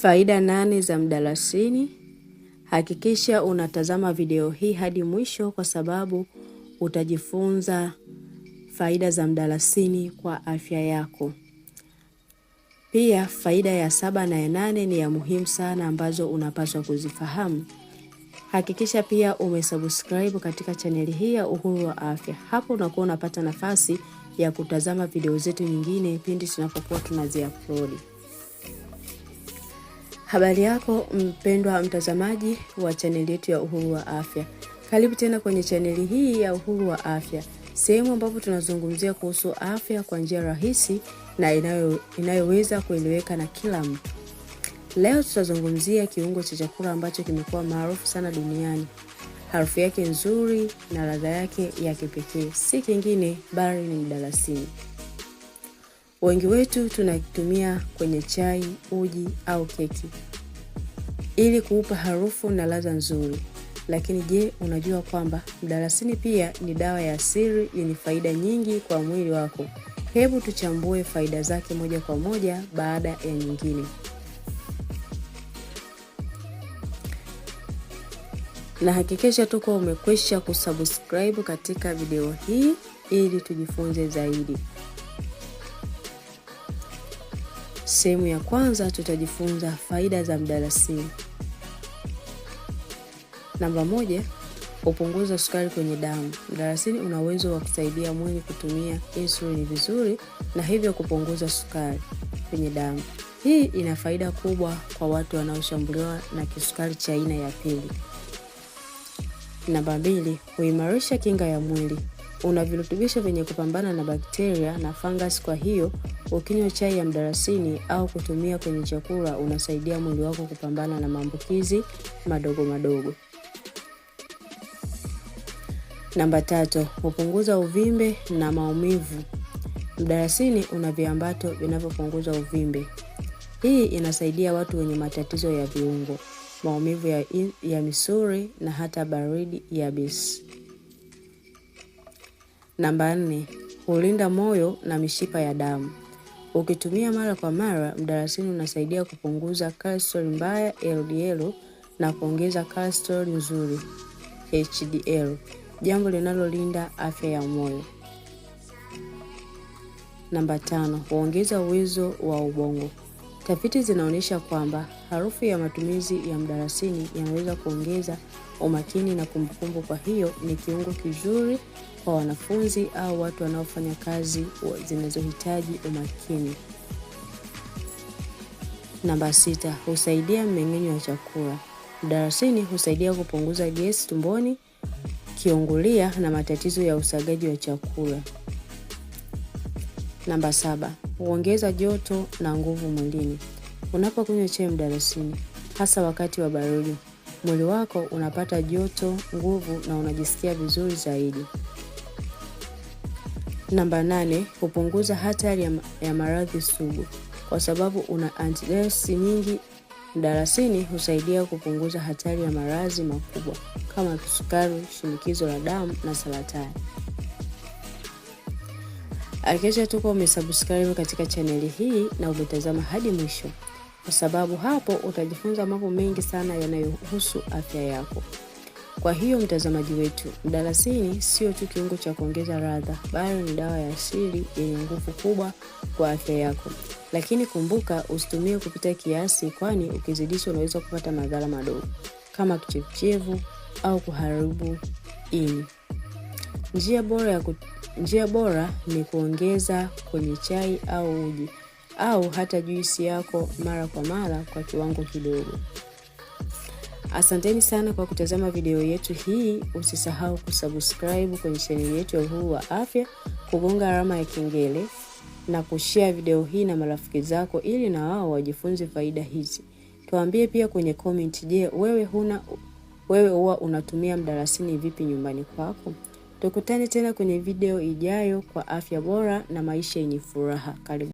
Faida nane za mdalasini. Hakikisha unatazama video hii hadi mwisho, kwa sababu utajifunza faida za mdalasini kwa afya yako. Pia faida ya saba na ya nane ni ya muhimu sana, ambazo unapaswa kuzifahamu. Hakikisha pia umesubscribe katika chaneli hii ya Uhuru wa Afya. Hapo unakuwa unapata nafasi ya kutazama video zetu nyingine pindi tunapokuwa tunaziupload. Habari yako mpendwa mtazamaji wa chaneli yetu ya Uhuru wa Afya, karibu tena kwenye chaneli hii ya Uhuru wa Afya, sehemu ambapo tunazungumzia kuhusu afya kwa njia rahisi na inayo, inayoweza kueleweka na kila mtu. Leo tutazungumzia kiungo cha chakula ambacho kimekuwa maarufu sana duniani. Harufu yake nzuri na ladha yake ya kipekee si kingine bali ni mdalasini. Wengi wetu tunakitumia kwenye chai, uji au keki, ili kuupa harufu na ladha nzuri. Lakini je, unajua kwamba mdalasini pia ni dawa ya asili yenye faida nyingi kwa mwili wako? Hebu tuchambue faida zake moja kwa moja baada ya nyingine. Na hakikisha tu kuwa umekwisha kusubscribe katika video hii ili tujifunze zaidi. Sehemu ya kwanza tutajifunza faida za mdalasini. Namba moja, hupunguza sukari kwenye damu. Mdalasini una uwezo wa kusaidia mwili kutumia insulini vizuri na hivyo kupunguza sukari kwenye damu. Hii ina faida kubwa kwa watu wanaoshambuliwa na kisukari cha aina ya pili. Namba mbili, huimarisha kinga ya mwili. Una virutubisho vyenye kupambana na bakteria na fungus, kwa hiyo ukinywa chai ya mdalasini au kutumia kwenye chakula unasaidia mwili wako kupambana na maambukizi madogo madogo. Namba tatu, hupunguza uvimbe na maumivu. Mdalasini una viambato vinavyopunguza uvimbe. Hii inasaidia watu wenye matatizo ya viungo, maumivu ya, ya misuli na hata baridi ya bis Namba nne, hulinda moyo na mishipa ya damu. Ukitumia mara kwa mara, mdalasini unasaidia kupunguza cholesterol mbaya LDL na kuongeza cholesterol nzuri HDL jambo linalolinda afya ya moyo. Namba tano, huongeza uwezo wa ubongo. Tafiti zinaonyesha kwamba harufu ya matumizi ya mdarasini yanaweza kuongeza umakini na kumbukumbu. Kwa hiyo ni kiungo kizuri kwa wanafunzi au watu wanaofanya kazi zinazohitaji umakini. Namba sita, husaidia mmeng'enyo wa chakula. mdarasini husaidia kupunguza gesi tumboni kiungulia na matatizo ya usagaji wa chakula. Namba saba, huongeza joto na nguvu mwilini. Unapokunywa chai mdalasini, hasa wakati wa baridi, mwili wako unapata joto, nguvu na unajisikia vizuri zaidi. Namba nane, hupunguza hatari ya maradhi sugu kwa sababu una antioxidants nyingi Mdalasini husaidia kupunguza hatari ya maradhi makubwa kama kisukari, shinikizo la damu na saratani. Hakikisha tuko umesubscribe katika chaneli hii na umetazama hadi mwisho, kwa sababu hapo utajifunza mambo mengi sana yanayohusu afya yako. Kwa hiyo mtazamaji wetu, mdalasini sio tu kiungo cha kuongeza ladha, bali ni dawa ya asili yenye nguvu kubwa kwa afya yako. Lakini kumbuka, usitumie kupita kiasi, kwani ukizidisha unaweza kupata madhara madogo kama kichevuchevu au kuharibu ini. Njia bora ya ku... njia bora ni kuongeza kwenye chai au uji au hata juisi yako mara kwa mara kwa kiwango kidogo. Asanteni sana kwa kutazama video yetu hii. Usisahau kusubscribe kwenye chaneli yetu ya Uhuru wa Afya, kugonga alama ya kengele na kushare video hii na marafiki zako, ili na wao wajifunze faida hizi. Tuambie pia kwenye comment, je, wewe huna wewe huwa unatumia mdalasini vipi nyumbani kwako? Tukutane tena kwenye video ijayo kwa afya bora na maisha yenye furaha. Karibu.